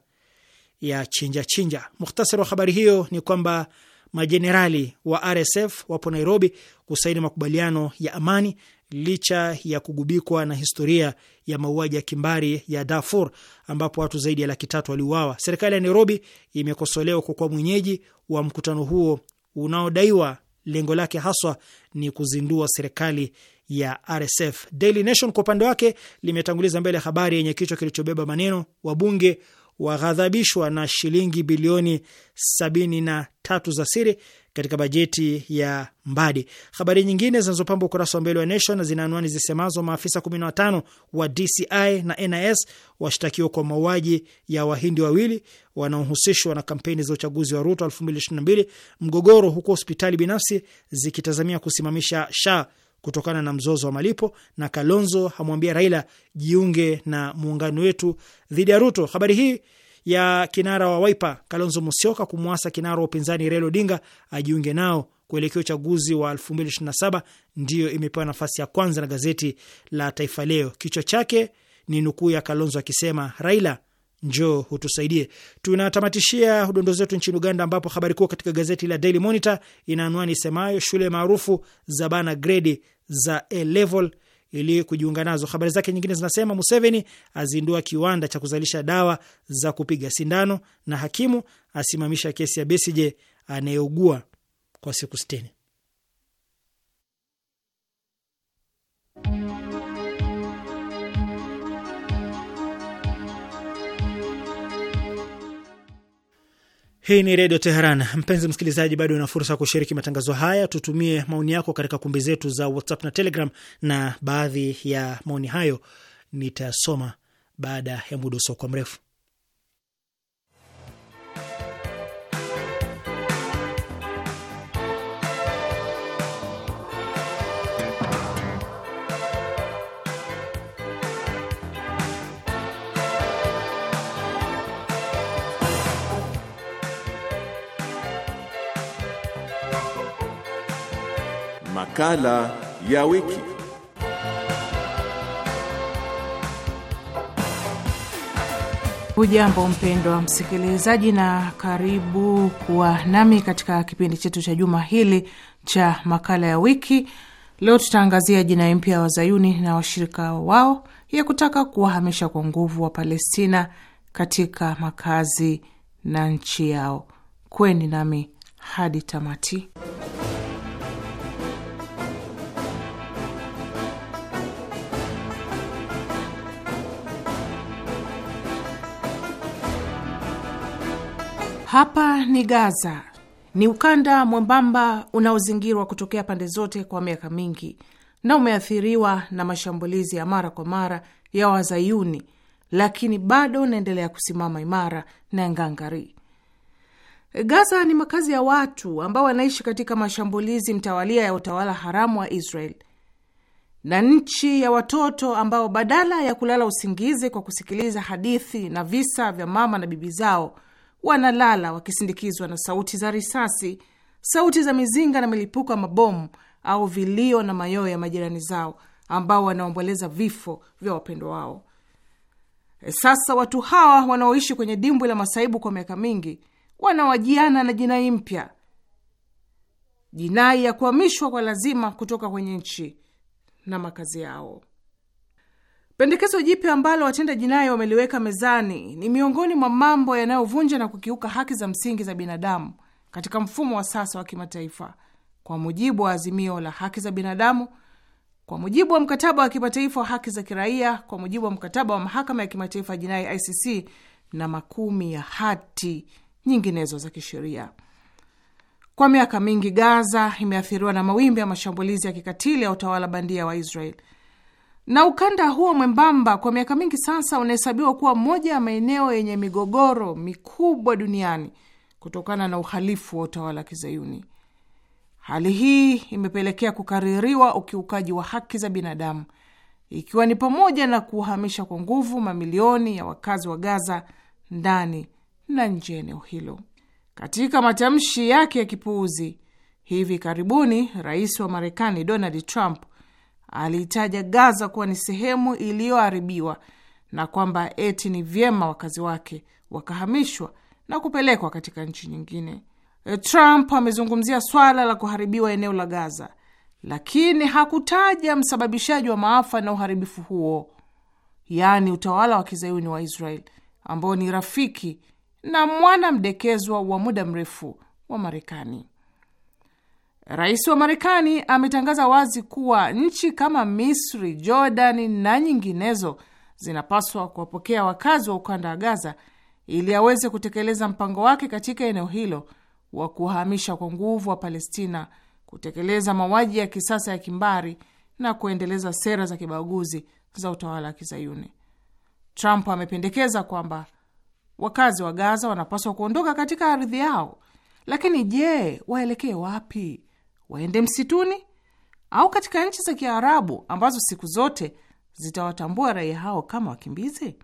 ya chinja chinja. Mukhtasari wa habari hiyo ni kwamba Majenerali wa RSF wapo Nairobi kusaini makubaliano ya amani licha ya kugubikwa na historia ya mauaji ya kimbari ya Darfur ambapo watu zaidi ya laki tatu waliuawa. Serikali ya Nairobi imekosolewa kwa kuwa mwenyeji wa mkutano huo unaodaiwa lengo lake haswa ni kuzindua serikali ya RSF. Daily Nation kwa upande wake limetanguliza mbele habari yenye kichwa kilichobeba maneno wabunge waghadhabishwa na shilingi bilioni sabini na tatu za siri katika bajeti ya Mbadi. Habari nyingine zinazopamba ukurasa wa mbele wa Nation zina anwani zisemazo maafisa 15 wa DCI na NIS washtakiwa kwa mauaji ya wahindi wawili wanaohusishwa na kampeni za uchaguzi wa Ruto 2022, mgogoro huko hospitali binafsi zikitazamia kusimamisha SHA kutokana na mzozo wa malipo, na Kalonzo hamwambia Raila jiunge na muungano wetu dhidi ya Ruto. Habari hii ya kinara wa Waipa Kalonzo Musyoka kumwasa kinara wa upinzani Raila Odinga ajiunge nao kuelekea uchaguzi wa 2027 ndiyo imepewa nafasi ya kwanza na gazeti la Taifa Leo. Kichwa chake ni nukuu ya Kalonzo akisema, Raila njoo hutusaidie. Tunatamatishia udondozi wetu nchini Uganda, ambapo habari kuu katika gazeti la Daily Monitor ina anwani isemayo shule maarufu za bana gredi za A-level ili kujiunga nazo. Habari zake nyingine zinasema Museveni azindua kiwanda cha kuzalisha dawa za kupiga sindano na hakimu asimamisha kesi ya Besije anayeugua kwa siku sitini. Hii ni Redio Teheran. Mpenzi msikilizaji, bado una fursa ya kushiriki matangazo haya. Tutumie maoni yako katika kumbi zetu za WhatsApp na Telegram, na baadhi ya maoni hayo nitasoma baada ya muda usiokuwa mrefu. makala ya wiki. Hujambo mpendwa msikilizaji, na karibu kuwa nami katika kipindi chetu cha juma hili cha makala ya wiki. Leo tutaangazia jinai mpya ya wazayuni na washirika wao ya kutaka kuwahamisha kwa nguvu wa Palestina katika makazi na nchi yao. Kweni nami hadi tamati. Hapa ni Gaza, ni ukanda mwembamba unaozingirwa kutokea pande zote kwa miaka mingi na umeathiriwa na mashambulizi ya mara kwa mara ya Wazayuni, lakini bado unaendelea kusimama imara na ngangari. Gaza ni makazi ya watu ambao wanaishi katika mashambulizi mtawalia ya utawala haramu wa Israel na nchi ya watoto ambao badala ya kulala usingizi kwa kusikiliza hadithi na visa vya mama na bibi zao wanalala wakisindikizwa na sauti za risasi, sauti za mizinga na milipuko ya mabomu au vilio na mayoyo ya majirani zao ambao wanaomboleza vifo vya wapendwa wao. E, sasa watu hawa wanaoishi kwenye dimbwi la masaibu kwa miaka mingi wanawajiana na jinai mpya, jinai ya kuhamishwa kwa lazima kutoka kwenye nchi na makazi yao. Pendekezo jipya ambalo watenda jinai wameliweka mezani ni miongoni mwa mambo yanayovunja na kukiuka haki za msingi za binadamu katika mfumo wa sasa wa kimataifa, kwa mujibu wa azimio la haki za binadamu, kwa mujibu wa mkataba wa kimataifa wa haki za kiraia, kwa mujibu wa mkataba wa mahakama ya kimataifa ya jinai ICC na makumi ya hati nyinginezo za kisheria. Kwa miaka mingi Gaza imeathiriwa na mawimbi ya mashambulizi ya kikatili ya utawala bandia wa Israel na ukanda huo mwembamba kwa miaka mingi sasa unahesabiwa kuwa moja ya maeneo yenye migogoro mikubwa duniani kutokana na uhalifu wa utawala wa Kizayuni. Hali hii imepelekea kukaririwa ukiukaji wa haki za binadamu, ikiwa ni pamoja na kuhamisha kwa nguvu mamilioni ya wakazi wa Gaza ndani na nje ya eneo hilo. Katika matamshi yake ya kipuuzi hivi karibuni, rais wa Marekani Donald Trump aliitaja Gaza kuwa ni sehemu iliyoharibiwa na kwamba eti ni vyema wakazi wake wakahamishwa na kupelekwa katika nchi nyingine. Trump amezungumzia swala la kuharibiwa eneo la Gaza, lakini hakutaja msababishaji wa maafa na uharibifu huo, yaani utawala wa kizayuni wa Israel ambao ni rafiki na mwana mdekezwa wa muda mrefu wa Marekani. Rais wa Marekani ametangaza wazi kuwa nchi kama Misri, Jordani na nyinginezo zinapaswa kuwapokea wakazi wa ukanda wa Gaza ili aweze kutekeleza mpango wake katika eneo hilo wa kuwahamisha kwa nguvu wa Palestina, kutekeleza mauaji ya kisasa ya kimbari na kuendeleza sera za kibaguzi za utawala wa Kizayuni. Trump amependekeza kwamba wakazi wa Gaza wanapaswa kuondoka katika ardhi yao, lakini je, waelekee wapi? waende msituni au katika nchi za Kiarabu ambazo siku zote zitawatambua raia hao kama wakimbizi?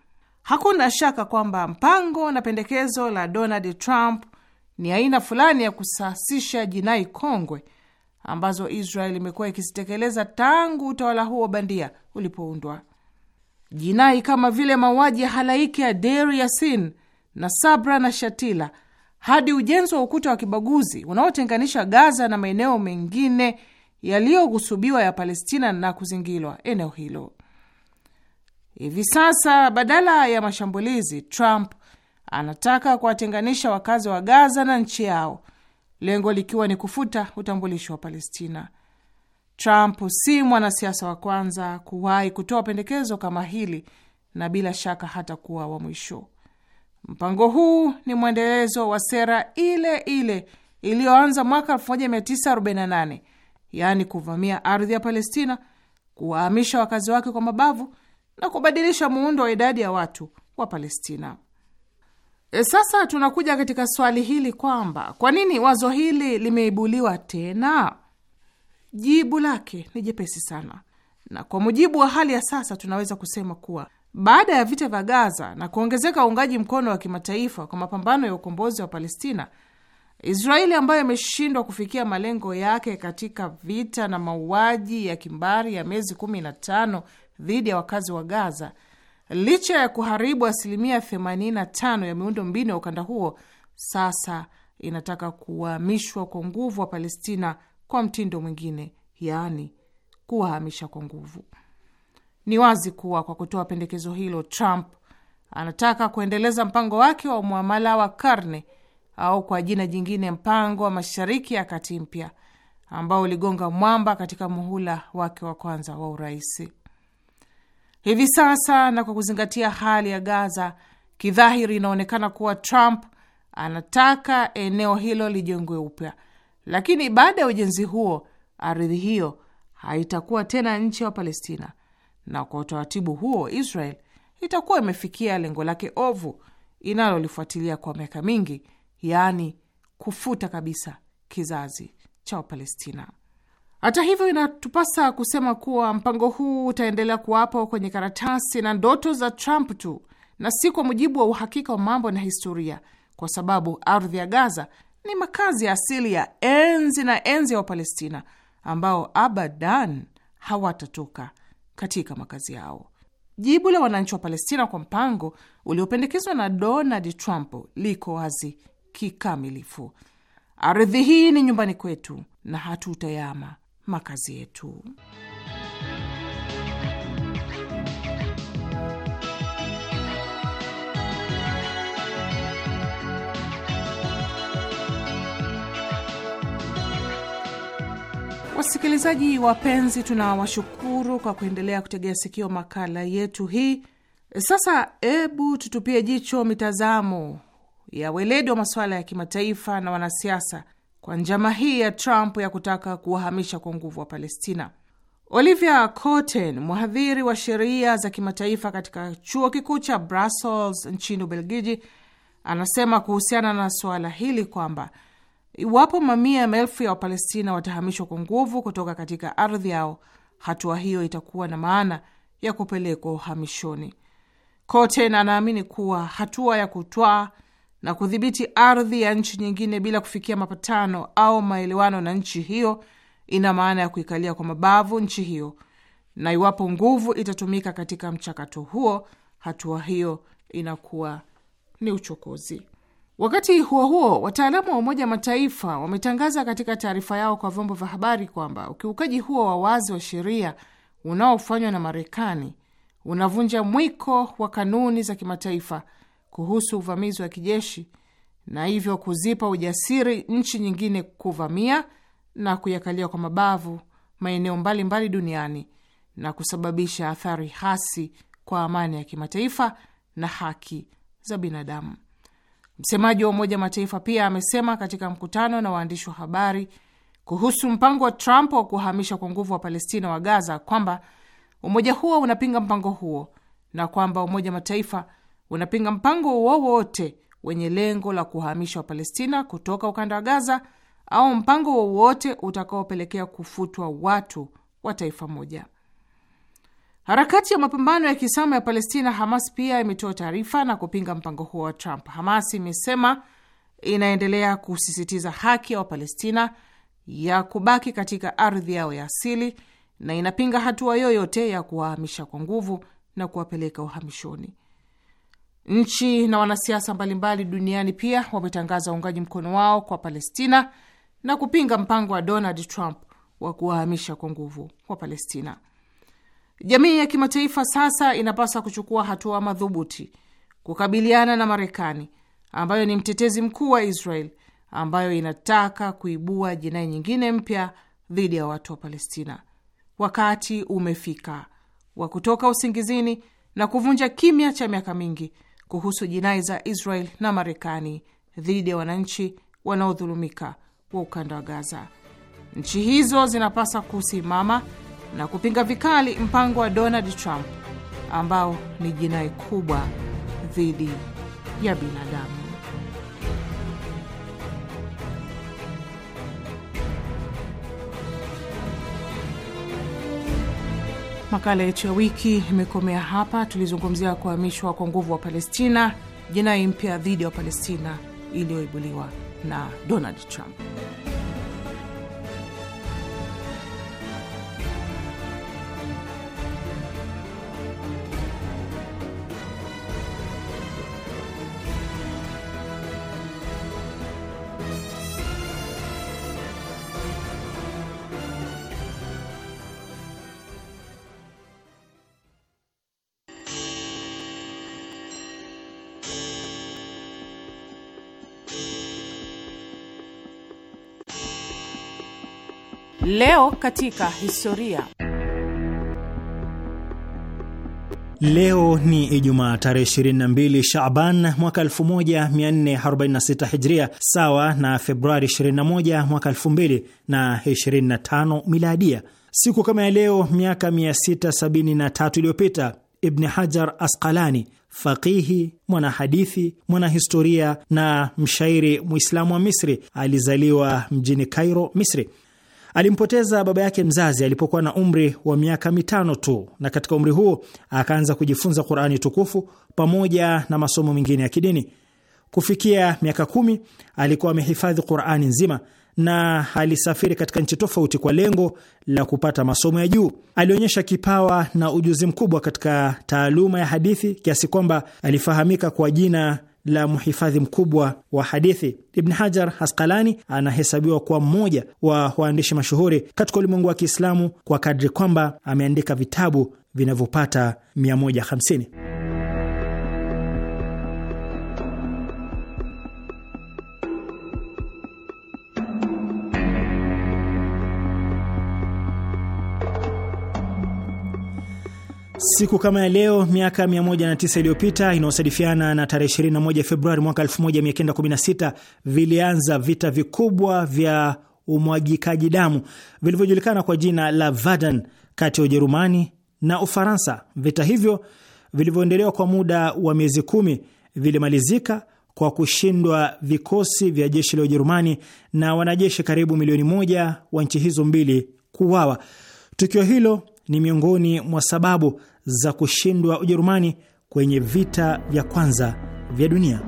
Hakuna shaka kwamba mpango na pendekezo la Donald Trump ni aina fulani ya kusasisha jinai kongwe ambazo Israel imekuwa ikizitekeleza tangu utawala huo bandia ulipoundwa. Jinai kama vile mauaji ya halaiki ya Deir Yassin na Sabra na Shatila hadi ujenzi wa ukuta wa kibaguzi unaotenganisha Gaza na maeneo mengine yaliyohusubiwa ya Palestina na kuzingirwa eneo hilo. Hivi sasa, badala ya mashambulizi, Trump anataka kuwatenganisha wakazi wa Gaza na nchi yao, lengo likiwa ni kufuta utambulisho wa Palestina. Trump si mwanasiasa wa kwanza kuwahi kutoa pendekezo kama hili na bila shaka hata kuwa wa mwisho. Mpango huu ni mwendelezo wa sera ile ile iliyoanza mwaka 1948 yaani kuvamia ardhi ya Palestina, kuwahamisha wakazi wake kwa mabavu na kubadilisha muundo wa idadi ya watu wa Palestina. E, sasa tunakuja katika swali hili kwamba kwa nini wazo hili limeibuliwa tena? Jibu lake ni jepesi sana, na kwa mujibu wa hali ya sasa tunaweza kusema kuwa baada ya vita vya Gaza na kuongezeka uungaji mkono wa kimataifa kwa mapambano ya ukombozi wa Palestina, Israeli ambayo imeshindwa kufikia malengo yake katika vita na mauaji ya kimbari ya miezi 15 dhidi ya wakazi wa Gaza, licha ya kuharibu asilimia 85 ya miundo mbinu ya ukanda huo, sasa inataka kuwahamishwa kwa nguvu wa Palestina kwa mtindo mwingine, yaani kuwahamisha kwa nguvu. Ni wazi kuwa kwa kutoa pendekezo hilo, Trump anataka kuendeleza mpango wake wa mwamala wa karne au kwa jina jingine mpango wa Mashariki ya Kati mpya ambao uligonga mwamba katika muhula wake wa kwanza wa uraisi. Hivi sasa na kwa kuzingatia hali ya Gaza, kidhahiri inaonekana kuwa Trump anataka eneo hilo lijengwe upya, lakini baada ya ujenzi huo, ardhi hiyo haitakuwa tena nchi ya Palestina na kwa utaratibu huo Israel itakuwa imefikia lengo lake ovu inalolifuatilia kwa miaka mingi, yaani kufuta kabisa kizazi cha Wapalestina. Hata hivyo, inatupasa kusema kuwa mpango huu utaendelea kuwapo kwenye karatasi na ndoto za Trump tu na si kwa mujibu wa uhakika wa mambo na historia, kwa sababu ardhi ya Gaza ni makazi ya asili ya enzi na enzi ya Wapalestina ambao abadan hawatatoka katika makazi yao. Jibu la wananchi wa Palestina kwa mpango uliopendekezwa na Donald Trump liko wazi kikamilifu: ardhi hii ni nyumbani kwetu na hatutayama makazi yetu. Wasikilizaji wapenzi, tunawashukuru kwa kuendelea kutegea sikio makala yetu hii. Sasa hebu tutupie jicho mitazamo ya weledi wa masuala ya kimataifa na wanasiasa kwa njama hii ya Trump ya kutaka kuwahamisha kwa nguvu wa Palestina. Olivia cotten mhadhiri wa sheria za kimataifa katika chuo kikuu cha Brussels nchini Ubelgiji, anasema kuhusiana na suala hili kwamba Iwapo mamia ya maelfu ya Wapalestina watahamishwa kwa nguvu kutoka katika ardhi yao, hatua hiyo itakuwa na maana ya kupelekwa uhamishoni kote, na anaamini kuwa hatua ya kutwaa na kudhibiti ardhi ya nchi nyingine bila kufikia mapatano au maelewano na nchi hiyo ina maana ya kuikalia kwa mabavu nchi hiyo, na iwapo nguvu itatumika katika mchakato huo, hatua hiyo inakuwa ni uchokozi. Wakati huo huo, wataalamu wa Umoja Mataifa wametangaza katika taarifa yao kwa vyombo vya habari kwamba ukiukaji huo wa wazi wa sheria unaofanywa na Marekani unavunja mwiko wa kanuni za kimataifa kuhusu uvamizi wa kijeshi na hivyo kuzipa ujasiri nchi nyingine kuvamia na kuyakalia kwa mabavu maeneo mbalimbali duniani na kusababisha athari hasi kwa amani ya kimataifa na haki za binadamu. Msemaji wa Umoja Mataifa pia amesema katika mkutano na waandishi wa habari kuhusu mpango wa Trump wa kuhamisha kwa nguvu wa Palestina wa Gaza kwamba umoja huo unapinga mpango huo na kwamba Umoja Mataifa unapinga mpango wowote wenye lengo la kuhamisha Wapalestina kutoka ukanda wa Gaza au mpango wowote utakaopelekea kufutwa watu wa taifa moja. Harakati ya mapambano ya kiislamu ya Palestina, Hamas, pia imetoa taarifa na kupinga mpango huo wa Trump. Hamas imesema inaendelea kusisitiza haki ya Wapalestina ya kubaki katika ardhi yao ya asili na inapinga hatua yoyote ya kuwahamisha kwa nguvu na kuwapeleka uhamishoni. Nchi na wanasiasa mbalimbali duniani pia wametangaza uungaji mkono wao kwa Palestina na kupinga mpango wa Donald Trump wa kuwahamisha kwa nguvu wa Palestina. Jamii ya kimataifa sasa inapaswa kuchukua hatua madhubuti kukabiliana na Marekani ambayo ni mtetezi mkuu wa Israel ambayo inataka kuibua jinai nyingine mpya dhidi ya watu wa Palestina. Wakati umefika wa kutoka usingizini na kuvunja kimya cha miaka mingi kuhusu jinai za Israel na Marekani dhidi ya wananchi wanaodhulumika wa ukanda wa Gaza. Nchi hizo zinapaswa kusimama na kupinga vikali mpango wa Donald Trump ambao ni jinai kubwa dhidi ya binadamu. Makala yetu ya wiki imekomea hapa. Tulizungumzia kuhamishwa kwa nguvu wa Palestina, jinai mpya dhidi ya Wapalestina iliyoibuliwa na Donald Trump. Leo katika historia. Leo ni Ijumaa tarehe 22 Shaban mwaka 1446 Hijria, sawa na Februari 21 mwaka 2025 Miladia. Siku kama ya leo miaka 673 iliyopita Ibni Hajar Asqalani, faqihi, mwanahadithi, mwanahistoria na mshairi Mwislamu wa Misri, alizaliwa mjini Kairo, Misri. Alimpoteza baba yake mzazi alipokuwa na umri wa miaka mitano tu, na katika umri huo akaanza kujifunza Qur'ani tukufu pamoja na masomo mengine ya kidini. Kufikia miaka kumi alikuwa amehifadhi Qur'ani nzima na alisafiri katika nchi tofauti kwa lengo la kupata masomo ya juu. Alionyesha kipawa na ujuzi mkubwa katika taaluma ya hadithi kiasi kwamba alifahamika kwa jina la mhifadhi mkubwa wa hadithi. Ibn Hajar Asqalani anahesabiwa kuwa mmoja wa waandishi mashuhuri katika ulimwengu wa Kiislamu kwa kadri kwamba ameandika vitabu vinavyopata 150. Siku kama ya leo miaka 109 iliyopita inayosadifiana na tarehe 21 Februari mwaka 1916 vilianza vita vikubwa vya umwagikaji damu vilivyojulikana kwa jina la Verdun kati ya Ujerumani na Ufaransa. Vita hivyo vilivyoendelewa kwa muda wa miezi kumi vilimalizika kwa kushindwa vikosi vya jeshi la Ujerumani na wanajeshi karibu milioni moja wa nchi hizo mbili kuuawa. Tukio hilo ni miongoni mwa sababu za kushindwa Ujerumani kwenye vita vya kwanza vya dunia.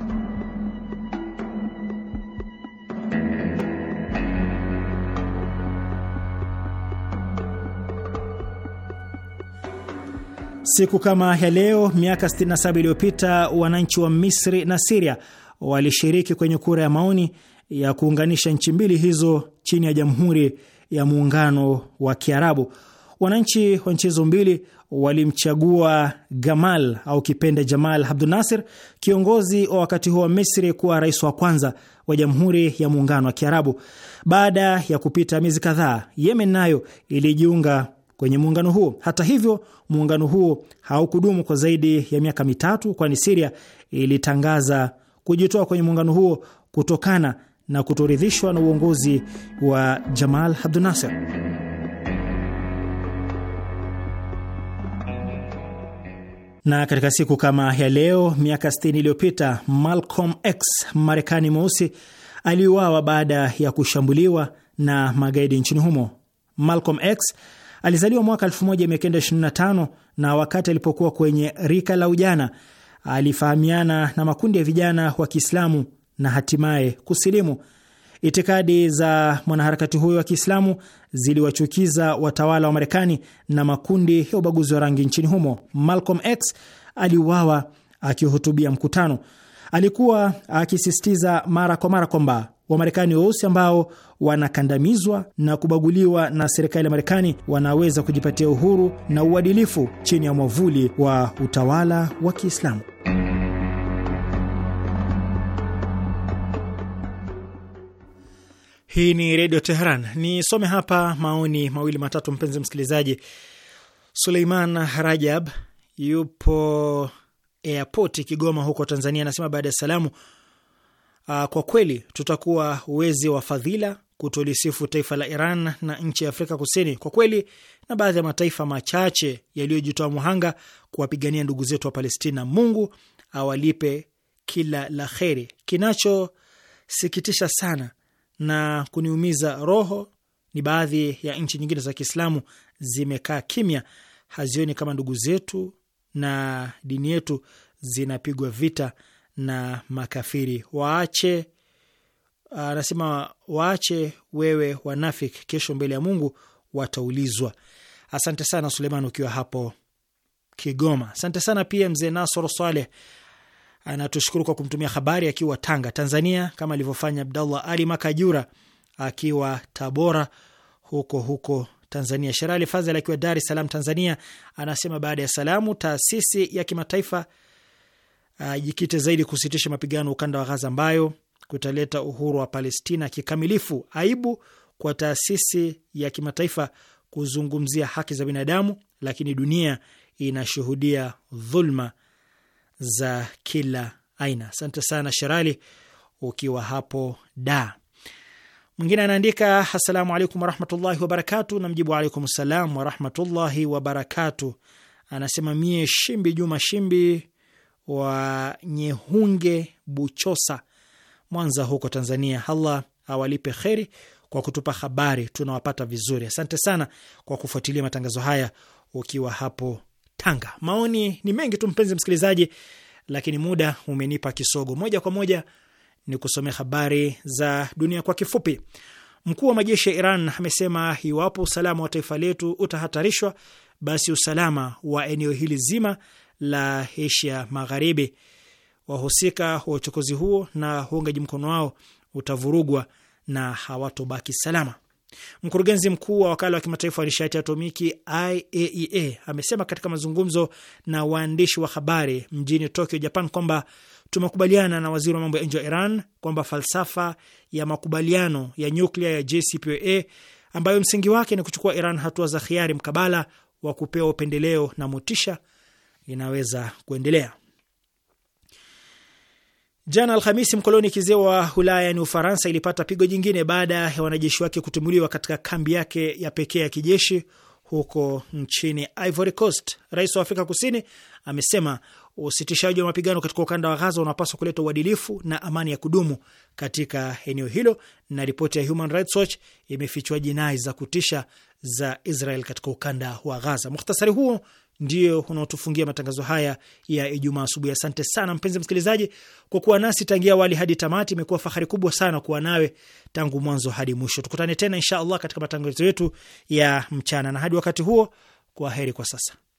Siku kama ya leo miaka 67 iliyopita wananchi wa Misri na Siria walishiriki kwenye kura ya maoni ya kuunganisha nchi mbili hizo chini ya Jamhuri ya Muungano wa Kiarabu. Wananchi wa nchi hizo mbili walimchagua Gamal au kipenda Jamal Abdu Nasir, kiongozi wa wakati huo wa Misri, kuwa rais wa kwanza wa Jamhuri ya Muungano wa Kiarabu. Baada ya kupita miezi kadhaa, Yemen nayo ilijiunga kwenye muungano huo. Hata hivyo, muungano huo haukudumu kwa zaidi ya miaka mitatu, kwani Siria ilitangaza kujitoa kwenye muungano huo kutokana na kutoridhishwa na uongozi wa Jamal Abdu Nasir. Na katika siku kama ya leo miaka 60 iliyopita Malcolm X Marekani mweusi aliuawa baada ya kushambuliwa na magaidi nchini humo. Malcolm X alizaliwa mwaka 1925 na wakati alipokuwa kwenye rika la ujana alifahamiana na makundi ya vijana wa Kiislamu na hatimaye kusilimu. Itikadi za mwanaharakati huyo wa Kiislamu ziliwachukiza watawala wa Marekani na makundi ya ubaguzi wa rangi nchini humo. Malcolm X aliuawa akihutubia mkutano. Alikuwa akisisitiza mara kwa mara kwamba Wamarekani weusi ambao wanakandamizwa na kubaguliwa na serikali ya Marekani wanaweza kujipatia uhuru na uadilifu chini ya mwavuli wa utawala wa Kiislamu. Hii ni Redio Teheran. Nisome hapa maoni mawili matatu, mpenzi msikilizaji. Suleiman Rajab yupo airpoti Kigoma huko Tanzania, anasema baada ya salamu, ah, kwa kweli tutakuwa wezi wa fadhila kutolisifu taifa la Iran na nchi ya Afrika Kusini kwa kweli, na baadhi ya mataifa machache yaliyojitoa muhanga kuwapigania ndugu zetu wa Palestina. Mungu awalipe kila la kheri. Kinachosikitisha sana na kuniumiza roho, ni baadhi ya nchi nyingine za Kiislamu zimekaa kimya, hazioni kama ndugu zetu na dini yetu zinapigwa vita na makafiri. Waache anasema, waache wewe wanafiki, kesho mbele ya Mungu wataulizwa. Asante sana Suleiman ukiwa hapo Kigoma. Asante sana pia mzee Nasoro Swaleh anatushukuru kwa kumtumia habari akiwa Tanga, Tanzania, kama alivyofanya Abdallah Ali Makajura akiwa Tabora huko huko Tanzania. Sherali Fadhel akiwa Dar es Salaam, Tanzania, anasema baada ya salamu, taasisi ya kimataifa jikite uh, zaidi kusitisha mapigano ukanda wa Ghaza ambayo kutaleta uhuru wa Palestina kikamilifu. Aibu kwa taasisi ya kimataifa kuzungumzia haki za binadamu, lakini dunia inashuhudia dhulma za kila aina. Asante sana Sherali, ukiwa hapo da. Mwingine anaandika assalamu alaikum warahmatullahi wabarakatu, na mjibu alaikum salam warahmatullahi wabarakatu. Anasema mie Shimbi Juma Shimbi wa Nyehunge, Buchosa, Mwanza huko Tanzania. Allah awalipe kheri kwa kutupa habari, tunawapata vizuri. Asante sana kwa kufuatilia matangazo haya ukiwa hapo Tanga. Maoni ni mengi tu mpenzi msikilizaji, lakini muda umenipa kisogo. Moja kwa moja ni kusomea habari za dunia kwa kifupi. Mkuu wa majeshi ya Iran amesema iwapo usalama wa taifa letu utahatarishwa, basi usalama wa eneo hili zima la Asia Magharibi, wahusika wa uchokozi huo na uungaji mkono wao utavurugwa na hawatobaki salama. Mkurugenzi mkuu wa wakala wa kimataifa wa nishati atomiki IAEA e amesema katika mazungumzo na waandishi wa habari mjini Tokyo, Japan, kwamba tumekubaliana na waziri wa mambo ya nje wa Iran kwamba falsafa ya makubaliano ya nyuklia ya JCPOA ambayo msingi wake ni kuchukua Iran hatua za hiari mkabala wa kupewa upendeleo na motisha inaweza kuendelea. Jana Alhamisi, mkoloni kizee wa Ulaya yani Ufaransa ilipata pigo jingine baada ya wanajeshi wake kutumuliwa katika kambi yake ya pekee ya kijeshi huko nchini Ivory Coast. Rais wa Afrika Kusini amesema usitishaji wa mapigano katika ukanda wa Gaza unapaswa kuleta uadilifu na amani ya kudumu katika eneo hilo. Na ripoti ya Human Rights Watch imefichua jinai za kutisha za Israel katika ukanda wa Gaza. Mukhtasari huo ndio unaotufungia matangazo haya ya Ijumaa asubuhi. Asante sana mpenzi msikilizaji kwa kuwa nasi tangia awali hadi tamati. Imekuwa fahari kubwa sana kuwa nawe tangu mwanzo hadi mwisho. Tukutane tena insha Allah katika matangazo yetu ya mchana, na hadi wakati huo, kwa heri kwa sasa.